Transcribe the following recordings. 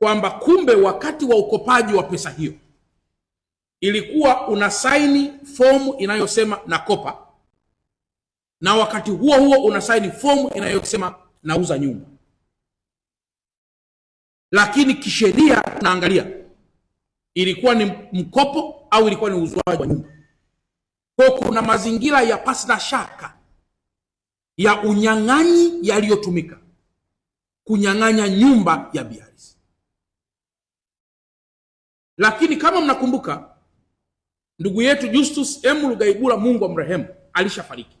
kwamba kumbe wakati wa ukopaji wa pesa hiyo ilikuwa una saini fomu inayosema nakopa, na wakati huo huo una saini fomu inayosema nauza nyumba, lakini kisheria unaangalia ilikuwa ni mkopo au ilikuwa ni uzwaji wa nyumba. Kwa kuna mazingira ya pasi na shaka ya unyang'anyi yaliyotumika kunyang'anya nyumba ya Biaris. Lakini kama mnakumbuka, ndugu yetu Justus M. Lugaibula, Mungu amrehemu, alishafariki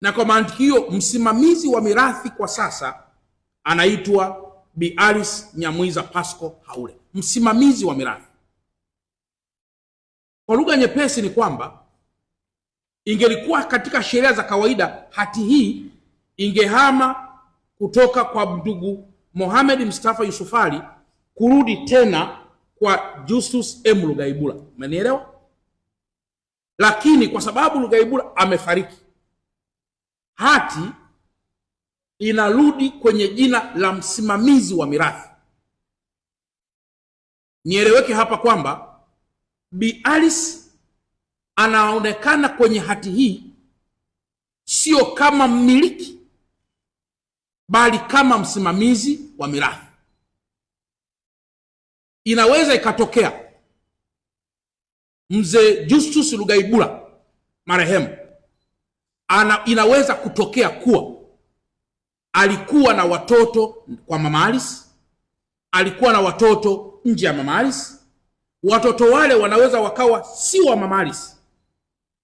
na kwa maandikio, msimamizi wa mirathi kwa sasa anaitwa Bi Alice Nyamwiza Pasco Haule, msimamizi wa mirathi. Kwa lugha nyepesi ni kwamba ingelikuwa katika sheria za kawaida, hati hii ingehama kutoka kwa ndugu Mohamed Mustafa Yusufali kurudi tena kwa Justus M Lugaibula, umenielewa? Lakini kwa sababu Lugaibula amefariki, hati inarudi kwenye jina la msimamizi wa mirathi. Nieleweke hapa kwamba Bi Alice anaonekana kwenye hati hii sio kama mmiliki, bali kama msimamizi wa mirathi. Inaweza ikatokea mzee Justus lugaibura marehemu ana, inaweza kutokea kuwa alikuwa na watoto kwa mama Alice, alikuwa na watoto nje ya mama Alice. Watoto wale wanaweza wakawa si wa mama Alice,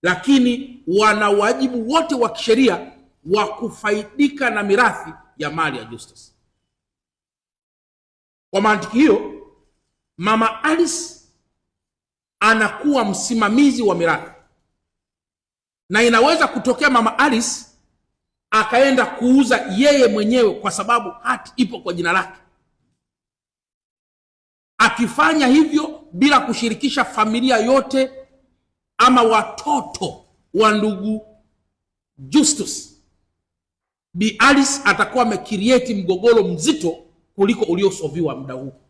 lakini wana wajibu wote wa kisheria wa kufaidika na mirathi ya mali ya Justus. Kwa mantiki hiyo Mama Alice anakuwa msimamizi wa mirathi, na inaweza kutokea Mama Alice akaenda kuuza yeye mwenyewe, kwa sababu hati ipo kwa jina lake. Akifanya hivyo bila kushirikisha familia yote ama watoto wa ndugu Justus, Bi Alice atakuwa amekirieti mgogoro mzito kuliko uliosoviwa muda huu.